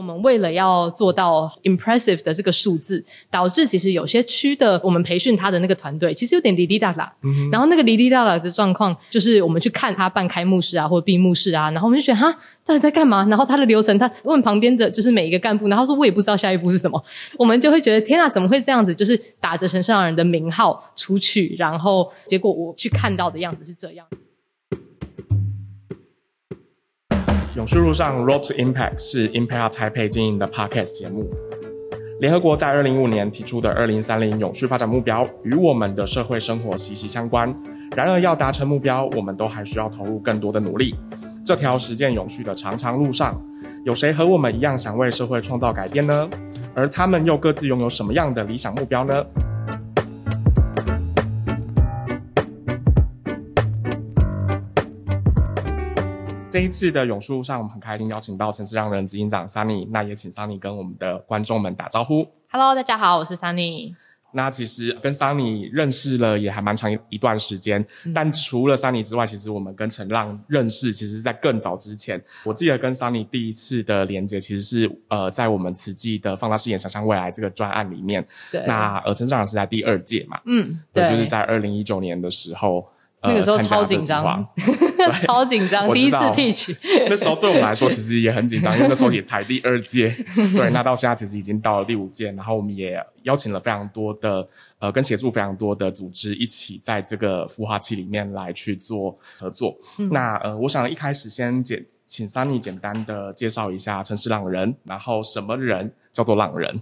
我們為了要做到 impressive 的這個數字，導致其實有些區的我們培訓他的那個團隊，其實有點滴滴答答。嗯，然後那個滴滴答答的狀況，就是我們去看他辦開幕式啊，或者閉幕式啊，然後我們就覺得哈，到底在幹嘛？然後他的流程，他問旁邊的就是每一個幹部，然後說我也不知道下一步是什麼。我們就會覺得天啊，怎麼會這樣子？就是打着城市浪人的名號出去，然後結果我去看到的樣子是這樣。永續路上 Road to Impact 是 Impact Hub Taipei 經營的 Podcast 節目。聯合國在二零一五年提出的二零三零永續發展目標，與我們的社會生活息息相關。然而，要達成目標，我們都還需要投入更多的努力。這條實踐永續的長長路上，有誰和我們一樣想為社會創造改變呢？而他們又各自擁有什麼樣的理想目標呢？這一次的永續路上，我們很開心邀請到城市浪人執行長 Sunny，那也請 Sunny 跟我們的觀眾們打招呼。Hello，大家好，我是 Sunny。那其實跟 Sunny 認識了也還蠻長一段時間，嗯、但除了 Sunny 之外，其實我們跟城浪認識，其實是在更早之前。我記得跟 Sunny 第一次的連結，其實是呃在我們此季的放大視野，想象未來這個專案裡面。對。那呃，城市浪人是在第二屆嘛，嗯，對，嗯、就是在二零一九年的時候。那個時候超緊張，呃、 超緊張， 第一次 teach。 那時候對我們來說其實也很緊張，因為那時候也才第二屆。 對，那到現在其實已經到了第五屆，然後我們也邀請了非常多的，呃，跟協助非常多的組織一起在這個孵化器裡面來去做合作。嗯、那呃，我想一開始先簡請 Sunny 簡單的介紹一下城市浪人，然後什麼人叫做浪人？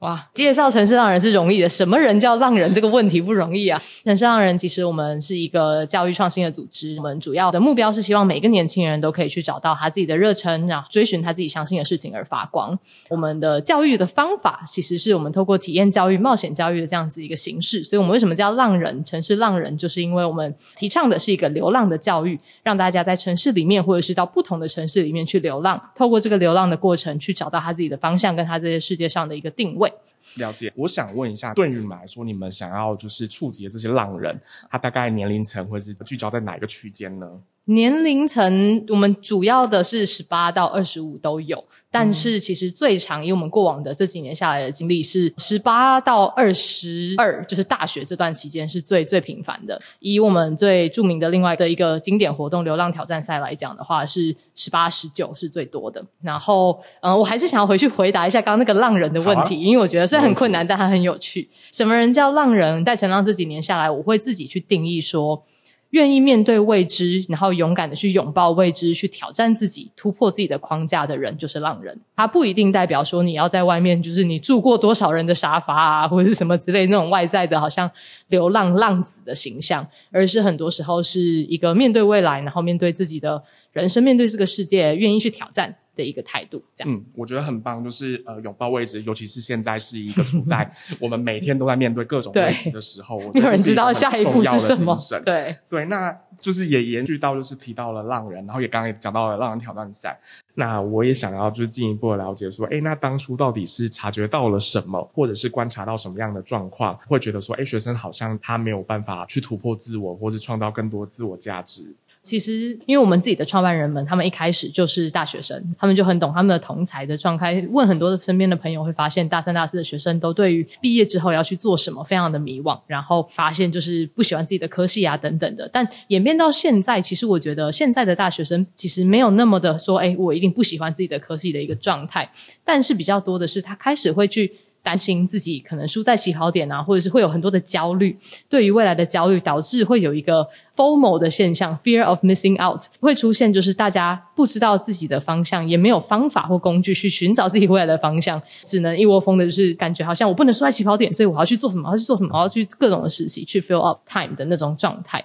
哇！介紹城市浪人是容易的，什麼人叫浪人這個問題不容易啊！城市浪人其實我們是一個教育創新的組織，我們主要的目標是希望每個年輕人都可以去找到他自己的熱忱，然後追尋他自己相信的事情而發光。我們的教育的方法其實是我們透過體驗教育、冒險教育的這樣子一個形式，所以我們為什麼叫浪人？城市浪人就是因為我們提倡的是一個流浪的教育，讓大家在城市裡面或者是到不同的城市裡面去流浪，透過這個流浪的過程去找到他自己的方向，跟他這些世界上的一個定位。了解，我想問一下，對於你們來說，你們想要就是觸及的這些浪人，他大概年齡層會是聚焦在哪一個區間呢？年齡層，我們主要的是十八到二十五都有，但是其實最常，以我們過往的這幾年下來的經歷是十八到二十二，就是大學這段期間是最最頻繁的。以我們最著名的另外的一個經典活動——流浪挑戰賽來講的話，是十八十九是最多的。然後，嗯、呃，我還是想要回去回答一下剛剛那個浪人的問題，啊、因為我覺得雖然很困難、啊，但還很有趣。什麼人叫浪人？在城浪這幾年下來，我會自己去定義說，願意面對未知，然後勇敢的去擁抱未知，去挑戰自己，突破自己的框架的人，就是浪人。他不一定代表說你要在外面，就是你住過多少人的沙發啊，或者是什麼之類那種外在的，好像流浪浪子的形象，而是很多時候是一個面對未來，然後面對自己的人生，面對這個世界，願意去挑戰的一個態度，這樣嗯，我覺得很棒，就是呃，擁抱未知，尤其是現在是一個處在 我們每天都在面對各種問題的時候 對很的，沒有人知道下一步是什麼。對對，那就是也延續到就是提到了浪人，然後也剛剛也講到了浪人挑戰賽。那我也想要就是進一步的了解，說，誒那當初到底是察覺到了什麼，或者是觀察到什麼樣的狀況，會覺得說，誒學生好像他沒有辦法去突破自我，或是創造更多自我價值。其實，因為我們自己的創辦人們，他們一開始就是大學生，他們就很懂他們的同才的狀態，問很多身邊的朋友，會發現大三大四的學生都對於畢業之後要去做什麼非常的迷惘，然後發現就是不喜歡自己的科系啊等等的。但演變到現在，其實我覺得現在的大學生其實沒有那麼的說，誒、哎，我一定不喜歡自己的科系的一個狀態。但是比較多的是，他開始會去。擔心自己可能輸在起跑點啊，或者是會有很多的焦慮。對於未來的焦慮，導致會有一個 FOMO 的現象，fear of missing out，會出現就是大家不知道自己的方向，也沒有方法或工具去尋找自己未來的方向，只能一窩蜂的，就是感覺好像我不能輸在起跑點，所以我要去做什麼，我要去做什麼，我要去各種的實習去 fill up time 的那種狀態。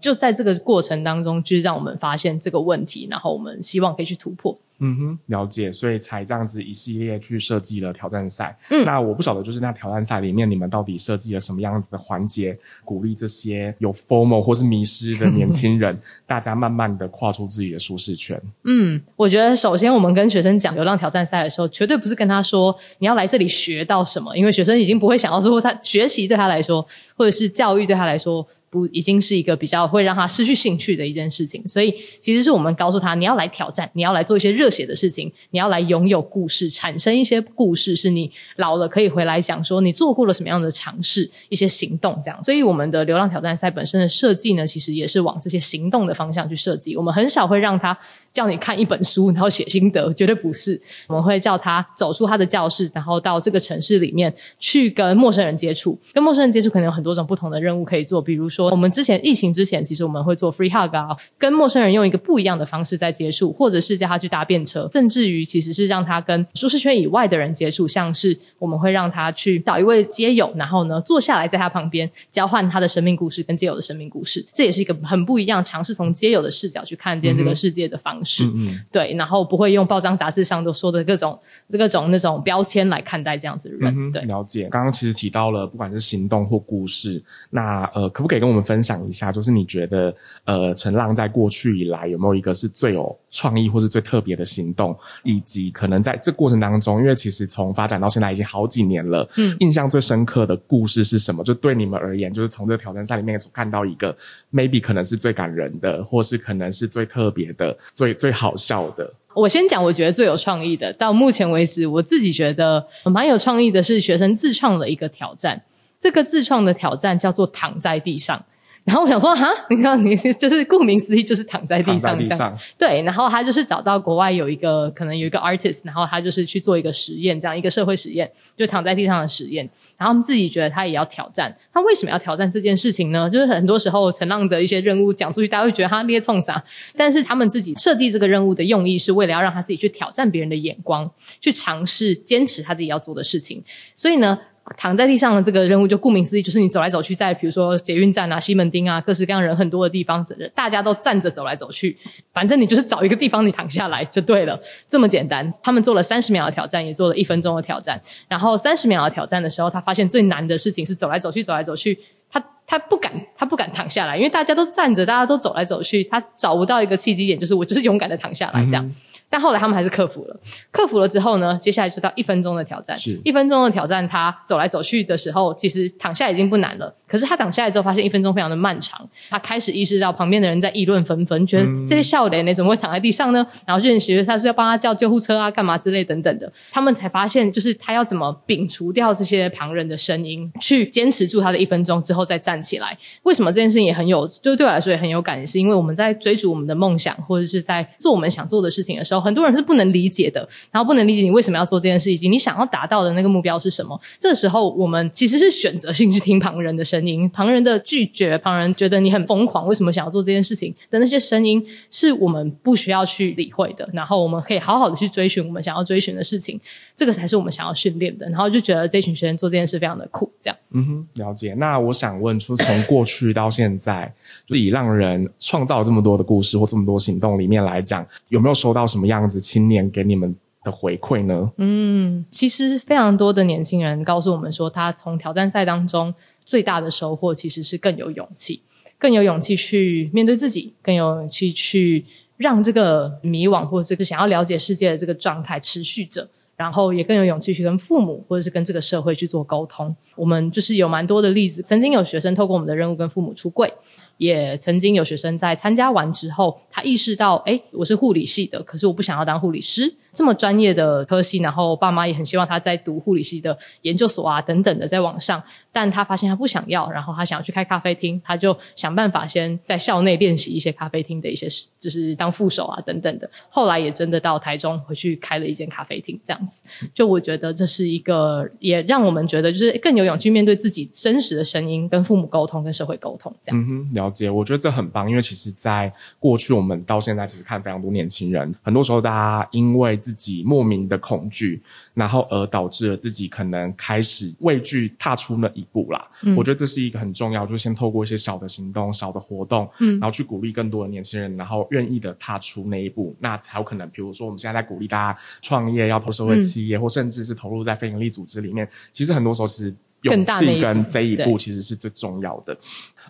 就在這個過程當中，就是讓我們發現這個問題，然後我們希望可以去突破。嗯哼，了解，所以才這樣子一系列去設計了挑戰賽。嗯，那我不曉得就是那挑戰賽裡面你們到底設計了什麼樣子的環節，鼓勵這些有 FOMO 或是迷失的年輕人呵呵，大家慢慢的跨出自己的舒適圈？嗯，我覺得首先我們跟學生講流浪挑戰賽的時候，絕對不是跟他說你要來這裡學到什麼，因為學生已經不會想到說他學習對他來說，或者是教育對他來說。不，已經是一個比較會讓他失去興趣的一件事情，所以其實是我們告訴他，你要來挑戰，你要來做一些熱血的事情，你要來擁有故事，產生一些故事，是你老了可以回來講說你做過了什麼樣的嘗試、一些行動這樣。所以我們的流浪挑戰賽本身的設計呢，其實也是往這些行動的方向去設計，我們很少會讓他叫你看一本書，然後寫心得，絕對不是。我們會叫他走出他的教室，然後到這個城市裡面去跟陌生人接觸。跟陌生人接觸可能有很多種不同的任務可以做，比如說我們之前疫情之前，其實我們會做 free hug 啊，跟陌生人用一個不一樣的方式在接觸，或者是叫他去搭便車，甚至於其實是讓他跟舒適圈以外的人接觸，像是我們會讓他去找一位街友，然後呢坐下來在他旁邊，交換他的生命故事跟街友的生命故事，這也是一個很不一樣，嘗試從街友的視角去看見這個世界的方式。嗯是、嗯，嗯，對，然後不會用報章雜誌上都說的各種各種那種標籤來看待這樣子的人，對、嗯。了解。剛剛其實提到了，不管是行動或故事，那呃，可不可以跟我們分享一下？就是你覺得呃，城浪在過去以來有沒有一個是最有創意或是最特別的行動？以及可能在這過程當中，因為其實從發展到現在已經好幾年了，嗯，印象最深刻的故事是什麼？就對你們而言，就是從這個挑戰賽裡面所看到一個 maybe 可能是最感人的，或是可能是最特別的，最。最好笑的，我先講。我覺得最有創意的，到目前為止，我自己覺得蠻有創意的，是學生自創的一個挑戰。這個自創的挑戰叫做“躺在地上”。然後我想說，哈，你知道，你就是顧名思義，就是躺在地上這樣躺在地上。對，然後他就是找到國外有一個，可能有一個 artist，然後他就是去做一個實驗，這樣一個社會實驗，就躺在地上的實驗。然後他們自己覺得他也要挑戰。他為什麼要挑戰這件事情呢？就是很多時候城浪的一些任務講出去，大家會覺得他咧衝啥。但是他們自己設計這個任務的用意，是為了要讓他自己去挑戰別人的眼光，去嘗試堅持他自己要做的事情。所以呢？躺在地上的這個任務，就顧名思義，就是你走來走去在、在比如說捷運站啊、西門町啊、各式各樣人很多的地方，大家都站着走來走去，反正你就是找一個地方，你躺下來就對了，這麼簡單。他們做了三十秒的挑戰，也做了一分鐘的挑戰。然後三十秒的挑戰的時候，他發現最難的事情是走來走去，走來走去，他他不敢，他不敢躺下來，因為大家都站着，大家都走來走去，他找不到一個契機點，就是我就是勇敢的躺下來這樣。嗯但後來他們還是克服了，克服了之後呢，接下來就到一分鐘的挑戰。是。一分鐘的挑戰，他走來走去的時候，其實躺下已經不難了。可是他躺下來之後，發現一分鐘非常的漫長。他開始意識到旁邊的人在議論紛紛，覺得這些笑臉你怎麼會躺在地上呢？然後認識他是要幫他叫救護車啊，幹嘛之類等等的。他們才發現，就是他要怎麼摒除掉這些旁人的聲音，去堅持住他的一分鐘之後再站起來。為什麼這件事情也很有，就對我來說也很有感，是因為我們在追逐我們的夢想，或者是在做我們想做的事情的時候，很多人是不能理解的。然後不能理解你為什麼要做這件事，以及你想要達到的那個目標是什麼。這時候我們其實是選擇性去聽旁人的聲音。旁人的拒絕，旁人覺得你很瘋狂，為什麼想要做這件事情的那些聲音，是我們不需要去理會的。然後我們可以好好的去追尋我們想要追尋的事情，這個才是我們想要訓練的。然後就覺得這群學生做這件事非常的酷，這樣。嗯哼，了解。那我想問，就是、從過去到現在， 就以浪人創造這麼多的故事或這麼多行動裡面來講，有沒有收到什麼樣子青年給你們的回饋呢？嗯，其實非常多的年輕人告訴我們說，他從挑戰賽當中。最大的收穫其實是更有勇氣，更有勇氣去面對自己，更有勇氣去讓這個迷惘，或者是想要了解世界的這個狀態持續着，然後也更有勇氣去跟父母或者是跟這個社會去做溝通。我們就是有蠻多的例子，曾經有學生透過我們的任務跟父母出櫃。也曾經有學生在參加完之後，他意識到，哎、欸，我是護理系的，可是我不想要當護理師，這麼專業的科系，然後爸媽也很希望他在讀護理系的研究所啊等等的，再往上，但他發現他不想要，然後他想要去開咖啡廳，他就想辦法先在校內練習一些咖啡廳的一些事，就是當副手啊等等的，後來也真的到台中回去開了一間咖啡廳，這樣子，就我覺得這是一個也讓我們覺得就是更有勇氣面對自己真實的聲音，跟父母溝通，跟社會溝通，這樣。嗯哼了解，我覺得這很棒，因為其實，在過去我們到現在，其實看非常多年輕人，很多時候大家因為自己莫名的恐懼，然後而導致了自己可能開始畏懼踏出那一步啦。嗯，我覺得這是一個很重要，就先透過一些小的行動、小的活動，嗯，然後去鼓勵更多的年輕人，然後願意的踏出那一步，那才有可能。比如說，我們現在在鼓勵大家創業，要投社會企業，嗯，或甚至是投入在非營利組織裡面，其實很多時候是勇氣跟這一步其實是最重要的。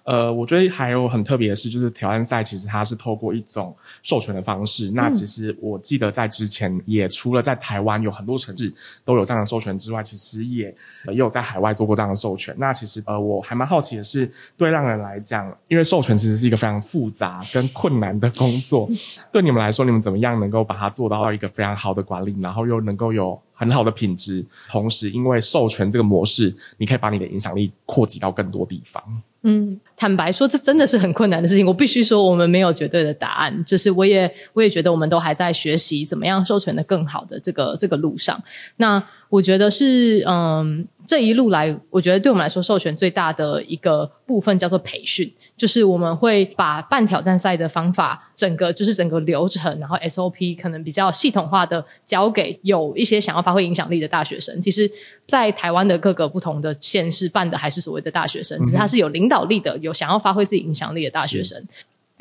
呃，我覺得還有很特別的是，就是挑戰賽其實它是透過一種授權的方式、嗯。那其實我記得在之前也除了在台灣有很多城市都有這樣的授權之外，其實也、呃、也有在海外做過這樣的授權。那其實呃，我還蠻好奇的是，對浪人來講，因為授權其實是一個非常複雜跟困難的工作，對你們來說，你們怎麼樣能夠把它做到一個非常好的管理，然後又能夠有很好的品質？同時，因為授權這個模式，你可以把你的影響力擴及到更多地方。嗯，坦白說，這真的是很困難的事情。我必須說，我們沒有絕對的答案，就是我也我也覺得，我們都還在學習怎麼樣授權的更好的這個這個路上。那。我覺得是，嗯，這一路來，我覺得對我們來說，授權最大的一個部分叫做培訓，就是我們會把辦挑戰賽的方法，整個就是整個流程，然後 SOP 可能比較系統化的交給有一些想要發揮影響力的大學生。其實，在台灣的各個不同的縣市辦的還是所謂的大學生，只是他是有領導力的，有想要發揮自己影響力的大學生。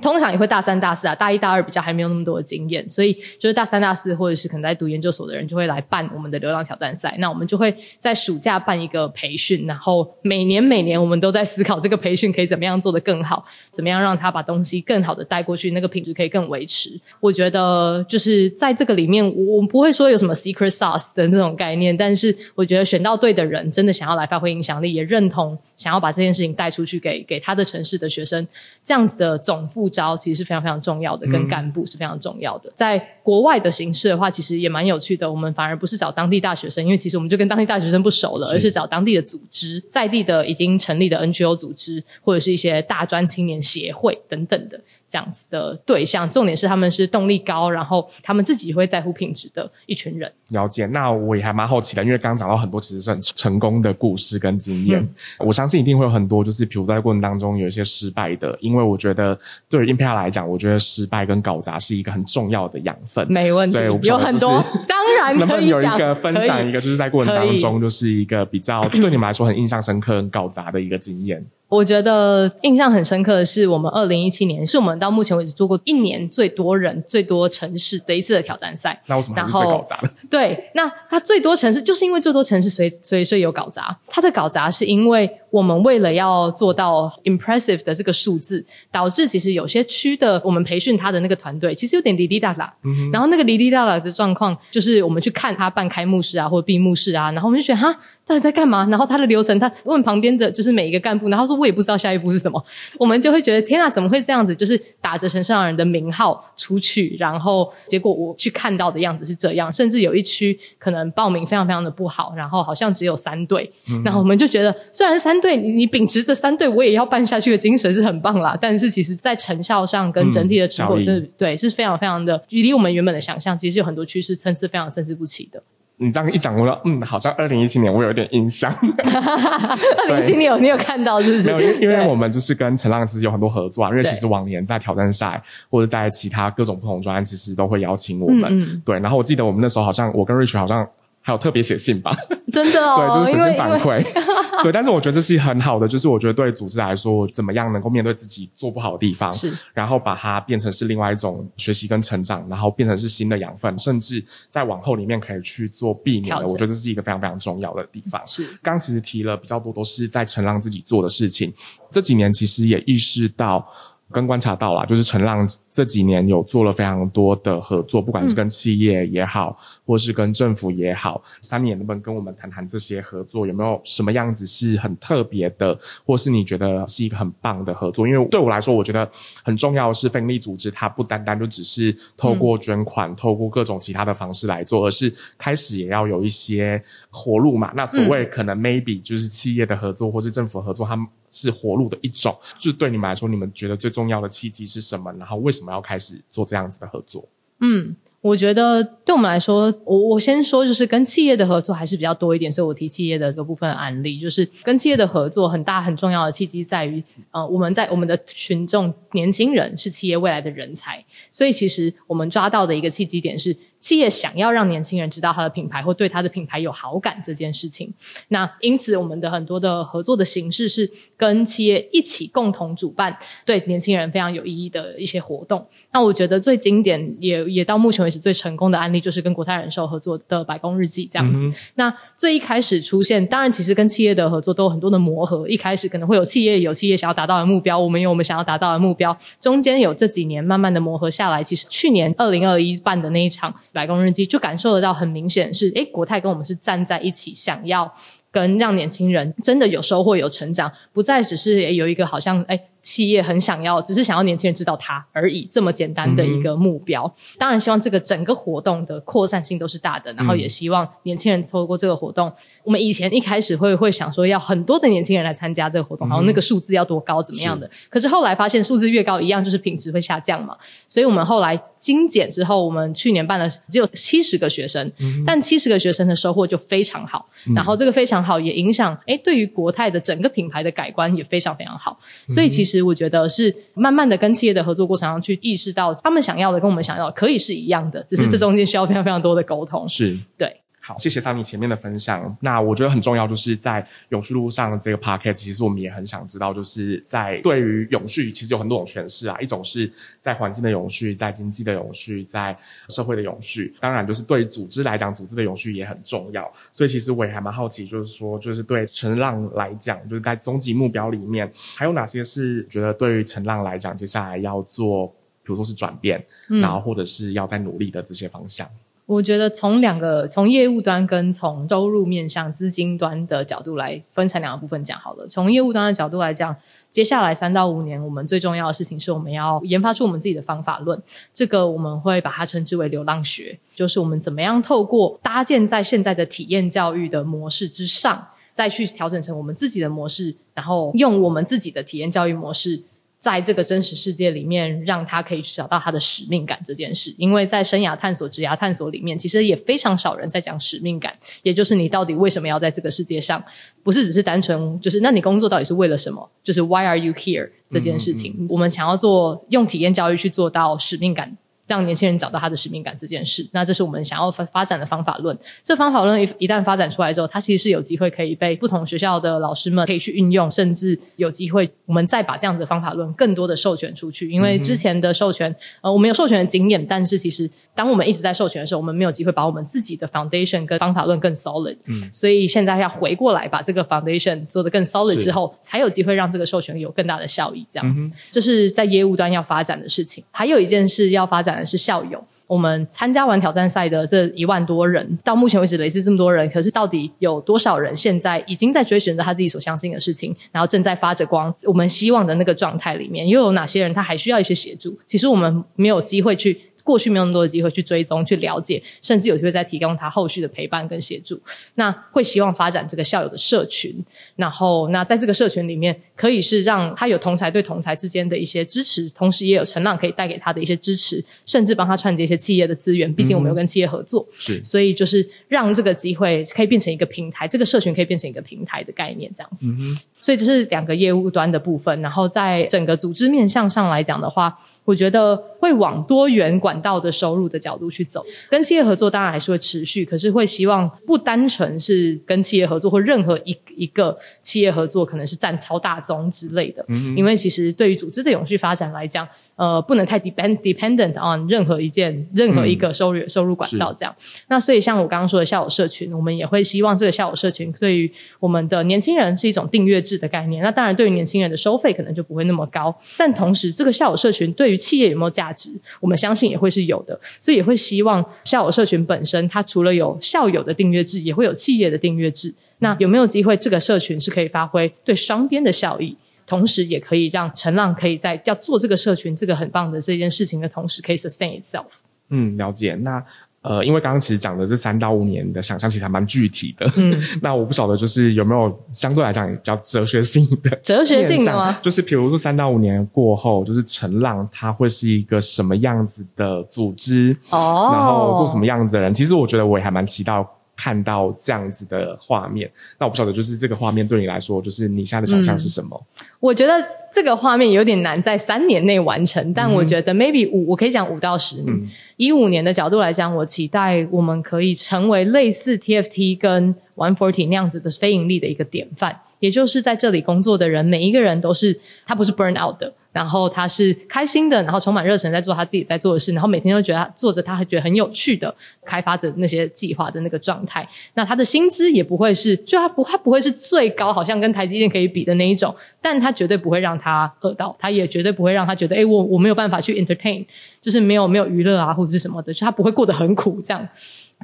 通常也會大三、大四啊，大一大二比較還沒有那麼多的經驗，所以就是大三、大四或者是可能在讀研究所的人就會來辦我們的流浪挑戰賽。那我們就會在暑假辦一個培訓，然後每年每年我們都在思考這個培訓可以怎麼樣做得更好，怎麼樣讓他把東西更好的帶過去，那個品質可以更維持。我覺得就是在這個裡面，我，我不會說有什麼 secret sauce 的那種概念，但是我覺得選到對的人，真的想要來發揮影響力，也認同想要把這件事情帶出去給，給給他的城市的學生，這樣子的總負。招其實是非常非常重要的，跟幹部是非常重要的。在國外的形式的話，其實也蠻有趣的。我們反而不是找當地大學生，因為其實我們就跟當地大學生不熟了，而是找當地的組織，在地的已經成立的 NGO 組織，或者是一些大專青年協會等等的這樣子的對象。重點是他們是動力高，然後他們自己會在乎品質的一群人。了解。那我也還蠻好奇的，因為剛剛講到很多其實是很成功的故事跟經驗，嗯，我相信一定會有很多就是，比如在過程當中有一些失敗的，因為我覺得對。應聘來講，我覺得失敗跟搞砸是一個很重要的養分。沒問題，有很多，就是、當然能不能那麼有一個分享，一個就是在過程當中，就是一個比較對你們來說很印象深刻、很搞砸的一個經驗。我覺得印象很深刻的是，我們二零一七年是我們到目前為止做過一年最多人、最多城市的一次的挑戰賽。那為什麼搞砸了？對， 那它最多城市就是因為最多城市，所以所以所以有搞砸。它的搞砸是因為我們為了要做到 impressive 的這個數字，導致其實有些區的我們培訓他的那個團隊其實有點滴滴答答。嗯。然後那個滴滴答答的狀況，就是我們去看他辦開幕式啊，或者閉幕式啊，然後我們就覺得哈，到底在幹嘛？然後他的流程，他問旁邊的就是每一個幹部，然後他說。我也不知道下一步是什麼，我們就會覺得天啊，怎麼會這樣子？就是打着城市浪人的名號出去，然後結果我去看到的樣子是這樣，甚至有一區可能報名非常非常的不好，然後好像只有三隊、嗯嗯，然後我們就覺得，雖然三隊你，你秉持着三隊我也要辦下去的精神是很棒啦，但是其實，在成效上跟整體的成果，真的、嗯、對是非常非常的，距離我們原本的想象，其實有很多區是參差非常參差不齊的。你這樣一講，我說嗯，好像二零一七年我有點印象。二零一七年有你有看到是不是？沒有，因為因為我們就是跟城浪其實有很多合作啊，因為其實往年在挑戰賽或者在其他各種不同專案，其實都會邀請我們嗯嗯。對，然後我記得我們那時候好像我跟 Rich 好像。還有特別寫信吧，真的哦， 對，就是寫信反饋， 對，但是我覺得這是很好的，就是我覺得對組織來說，怎麼樣能夠面對自己做不好的地方，是，然後把它變成是另外一種學習跟成長，然後變成是新的養分，甚至在往後裡面可以去做避免的，我覺得這是一個非常非常重要的地方。是，剛剛其實提了比較多，都是在城浪自己做的事情，這幾年其實也意識到。剛觀察到啊，就是城浪這幾年有做了非常多的合作，不管是跟企業也好，嗯、或是跟政府也好，Sunny 能不能跟我們談談這些合作有沒有什麼樣子是很特別的，或是你覺得是一個很棒的合作？因為對我來說，我覺得很重要的是，非營利組織它不單單就只是透過捐款、嗯、透過各種其他的方式來做，而是開始也要有一些活路嘛。那所謂可能 maybe 就是企業的合作或是政府的合作，他們。是活路的一種，就對你們來說，你們覺得最重要的契機是什麼？然後為什麼要開始做這樣子的合作？嗯，我覺得對我們來說，我我先說，就是跟企業的合作還是比較多一點，所以我提企業的這個部分案例，就是跟企業的合作很大很重要的契機在於，呃，我們在我們的群眾年輕人是企業未來的人才，所以其實我們抓到的一個契機點是。企業想要讓年輕人知道他的品牌，或對他的品牌有好感這件事情，那因此我們的很多的合作的形式是跟企業一起共同主辦，對年輕人非常有意義的一些活動。那我覺得最經典也，也也到目前為止最成功的案例就是跟國泰人壽合作的《白宮日記》這樣子嗯嗯。那最一開始出現，當然其實跟企業的合作都有很多的磨合，一開始可能會有企業有企業想要達到的目標，我們有我們想要達到的目標，中間有這幾年慢慢的磨合下來，其實去年二零二一辦的那一場。白宮日記就感受得到，很明顯是哎，國泰跟我們是站在一起，想要跟讓年輕人真的有收穫、有成長，不再只是有一個好像哎。誒企業很想要，只是想要年輕人知道它，而已，這麼簡單的一個目標。嗯嗯。當然希望這個整個活動的擴散性都是大的，然後也希望年輕人錯過這個活動。嗯、我們以前一開始會會想說要很多的年輕人來參加這個活動，嗯嗯，然後那個數字要多高怎麼樣的。可是後來發現數字越高，一樣就是品質會下降嘛。所以我們後來精簡之後，我們去年辦了只有七十個學生，嗯嗯，但七十個學生的收穫就非常好。然後這個非常好，也影響哎，對於國泰的整個品牌的改觀也非常非常好。所以其實。其實我覺得是慢慢的跟企業的合作過程當中去意識到，他們想要的跟我們想要的可以是一樣的，只是這中間需要非常非常多的溝通。是、嗯、對。好，謝謝桑 y 前面的分享。那我覺得很重要，就是在永續路上這個 p o c k e t 其實我們也很想知道，就是在對於永續，其實有很多種詮釋啊。一種是在環境的永續，在經濟的永續，在社會的永續。當然，就是對組織來講，組織的永續也很重要。所以，其實我也還蠻好奇，就是說，就是對陳浪來講，就是在終極目標裡面，還有哪些是覺得對於陳浪來講，接下來要做，比如說是轉變，嗯、然後或者是要在努力的這些方向。我覺得從兩個從業務端跟從收入面向資金端的角度來分成兩個部分講好了。從業務端的角度來講，接下來三到五年，我們最重要的事情是我們要研發出我們自己的方法論。這個我們會把它稱之為“流浪學”，就是我們怎麼樣透過搭建在現在的體驗教育的模式之上，再去調整成我們自己的模式，然後用我們自己的體驗教育模式，在這個真實世界裡面，讓他可以去找到他的使命感這件事，因為在生涯探索、職涯探索裡面，其實也非常少人在講使命感，也就是你到底為什麼要在這個世界上，不是只是單純就是那你工作到底是為了什麼，就是 why are you here 這件事情，嗯嗯、我們想要做用體驗教育去做到使命感。讓年輕人找到他的使命感這件事，那這是我們想要發發展的方法論。這方法論一一旦發展出來之後，它其實是有機會可以被不同學校的老師們可以去運用，甚至有機會我們再把這樣子的方法論更多的授權出去。因為之前的授權，嗯、呃，我們有授權的經驗，但是其實當我們一直在授權的時候，我們沒有機會把我們自己的 foundation 跟方法論更 solid。嗯。所以現在要回過來把這個 foundation 做得更 solid 之後，才有機會讓這個授權有更大的效益。這樣子，嗯、這是在業務端要發展的事情。還有一件事要發展。是校友，我們參加完挑戰賽的這一萬多人，到目前為止累積這麼多人，可是到底有多少人現在已經在追尋着他自己所相信的事情，然後正在發着光？我們希望的那個狀態裡面，又有哪些人他還需要一些協助？其實我們沒有機會去。過去沒有那麼多的機會去追蹤、去了解，甚至有機會再提供他後續的陪伴跟協助。那會希望發展這個校友的社群，然後那在這個社群裡面，可以是讓他有同儕對同儕之間的一些支持，同時也有城浪可以帶給他的一些支持，甚至幫他串接一些企業的資源。畢竟我們有，有跟企業合作、嗯，是，所以就是讓這個機會可以變成一個平台，這個社群可以變成一個平台的概念，這樣子。嗯所以這是兩個業務端的部分，然後在整個組織面向上來講的話，我覺得會往多元管道的收入的角度去走。跟企業合作當然還是會持續，可是會希望不單純是跟企業合作或任何一一個企業合作，可能是佔超大宗之類的。嗯，嗯，因為其實對於組織的永續發展來講，呃，不能太 depend dependent on 任何一件任何一個收入、嗯、收入管道這樣。那所以像我剛剛說的校友社群，我們也會希望這個校友社群對於我們的年輕人是一種訂閱。的概念，那當然對於年輕人的收費可能就不會那麼高，但同時這個校友社群對於企業有沒有價值，我們相信也會是有的，所以也會希望校友社群本身它除了有校友的訂閱制，也會有企業的訂閱制。那有沒有機會這個社群是可以發揮對雙邊的效益，同時也可以讓城浪可以在要做這個社群這個很棒的這件事情的同時，可以 sustain itself。嗯，了解。那。呃，因為剛剛其實講的這三到五年的想象其實還蠻具體的，嗯、呵呵，那我不曉得，就是有沒有相對來講比較哲學性的，哲學性的嗎？就是比如說三到五年過後，就是城浪他會是一個什麼樣子的組織，哦，然後做什麼樣子的人？其實我覺得我也還蠻期待，看到這樣子的畫面，那我不曉得，就是這個畫面對你來說，就是你現在的想象是什麼、嗯？我覺得這個畫面有點難在三年內完成，但我覺得 maybe 五、嗯，我可以講五到十年。以、嗯、五年的角度來講，我期待我們可以成為類似 TFT 跟 One Forty 那樣子的非營利的一個典範。也就是在這裡工作的人，每一個人都是他不是 burn out 的，然後他是開心的，然後充滿熱忱在做他自己在做的事，然後每天都覺得他做着他還覺得很有趣的開發者那些計劃的那個狀態。那他的薪資也不會是，就他不他不會是最高，好像跟台積電可以比的那一種，但他絕對不會讓他餓到，他也絕對不會讓他覺得，誒、欸，我我沒有辦法去 entertain，就是沒有沒有娛樂啊或者是什麼的，就他不會過得很苦這樣。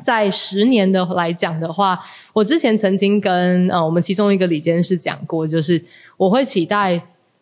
在十年的來講的話，我之前曾經跟呃我們其中一個理監事講過，就是我會期待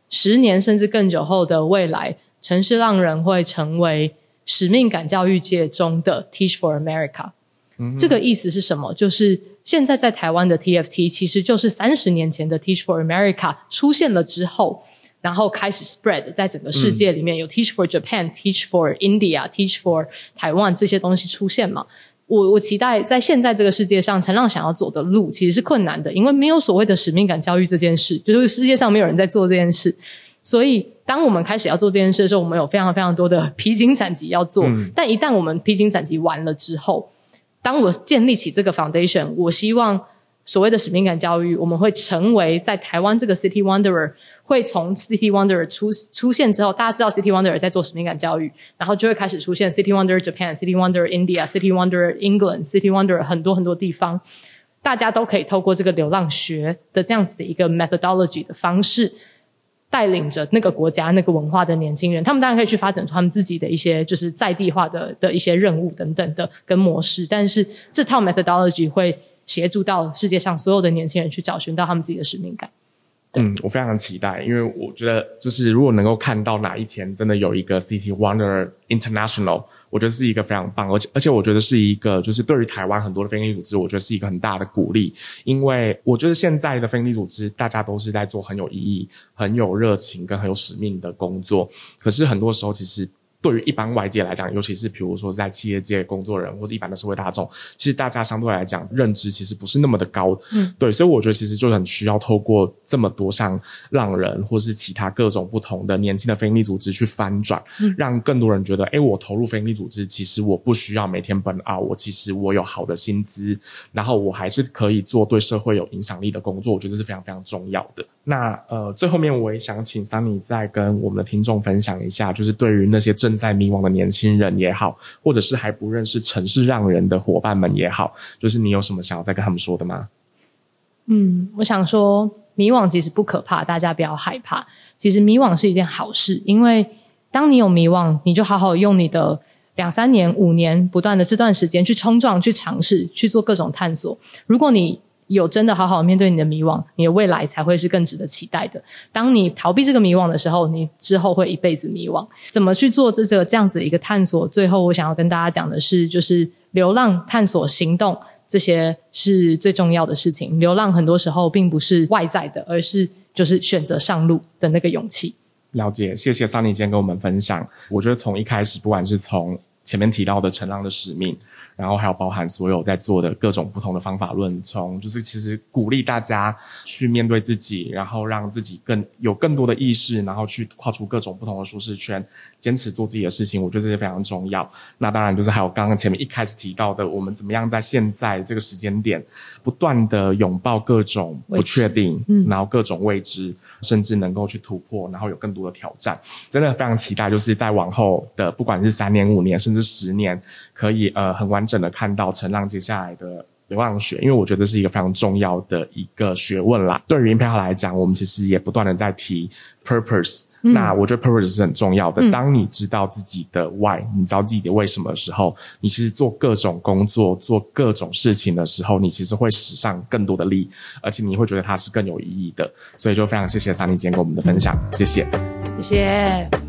十年甚至更久後的未來，城市浪人會成為使命感教育界中的 Teach for America。嗯，這個意思是什麼？就是現在在台灣的 TFT 其實就是三十年前的 Teach for America 出現了之後，然後開始 spread 在整個世界裡面、嗯、有 Teach for Japan、Teach for India、Teach for 台灣這些東西出現嘛。我我期待在現在這個世界上，城浪想要走的路其實是困難的，因為沒有所謂的使命感教育這件事，就是世界上沒有人在做這件事。所以，當我們開始要做這件事的時候，我們有非常非常多的披荊斬棘要做，嗯。但一旦我們披荊斬棘完了之後，當我建立起這個 foundation，我希望。所謂的使命感教育，我們會成為在台灣這個 City Wanderer，會從 City Wanderer 出出現之後，大家知道 City Wanderer 在做使命感教育，然後就會開始出現 City Wanderer Japan、City Wanderer India、City Wanderer England、City Wanderer 很多很多地方，大家都可以透過這個流浪學的這樣子的一個 methodology 的方式，帶領着那個國家那個文化的年輕人，他們當然可以去發展出他們自己的一些就是在地化的的一些任務等等的跟模式，但是這套 methodology 會。協助到世界上所有的年輕人去找尋到他們自己的使命感。嗯，我非常期待，因為我覺得就是如果能夠看到哪一天真的有一個 City Wanderer International，我覺得是一個非常棒，而且而且我覺得是一個就是對於台灣很多的非營利組織，我覺得是一個很大的鼓勵。因為我覺得現在的非營利組織，大家都是在做很有意義、很有熱情跟很有使命的工作，可是很多時候其實。對於一般外界來講，尤其是比如說在企業界工作人或者一般的社會大眾，其實大家相對來講認知其實不是那麼的高，嗯，對，所以我覺得其實就很需要透過這麼多像浪人或是其他各種不同的年輕的非營利組織去翻轉，讓更多人覺得，哎，我投入非營利組織，其實我不需要每天 burnout，我其實我有好的薪資，然後我還是可以做對社會有影響力的工作，我覺得是非常非常重要的。那呃，最後面我也想請 Sunny 再跟我們的聽眾分享一下，就是對於那些政在迷惘的年輕人也好，或者是還不認識城市浪人的夥伴們也好，就是你有什麼想要再跟他們說的嗎？嗯，我想說迷惘其實不可怕，大家不要害怕。其實迷惘是一件好事，因為當你有迷惘，你就好好用你的兩三年、五年不斷的這段時間去衝撞、去嘗試、去做各種探索。如果你有真的好好面對你的迷惘，你的未來才會是更值得期待的。當你逃避這個迷惘的時候，你之後會一輩子迷惘。怎麼去做這這個這樣子一個探索？最後，我想要跟大家講的是，就是流浪、探索、行動，這些是最重要的事情。流浪很多時候並不是外在的，而是就是選擇上路的那個勇氣。了解，謝謝 Sunny 今天跟我們分享。我覺得從一開始，不管是從前面提到的成浪的使命。然後還有包含所有在做的各種、不同的方法論，從就是其實鼓勵大家去面對自己，然後讓自己更有更多的意識，然後去跨出各種、不同的舒適圈，堅持做自己的事情，我覺得這些非常重要。那當然就是還有剛剛前面一開始提到的，我們怎麼樣在現在這個時間點，不斷的擁抱各種不確定、嗯，然後各種未知，甚至能夠去突破，然後有更多的挑戰。真的非常期待，就是在往後的不管是三年、五年，甚至十年，可以呃很完整的看到城浪接下來的流浪學，因為我覺得是一個非常重要的一個學問啦。對於 Impact Hub 來講，我們其實也不斷的在提 purpose。嗯、那我覺得 purpose 是很重要的。當你知道自己的 why，、嗯、你知道自己的為什麼的時候，你其實做各種工作、做各種事情的時候，你其實會使上更多的力，而且你會覺得它是更有意義的。所以就非常謝謝 Sunny 今天給我們的分享，謝謝，謝謝。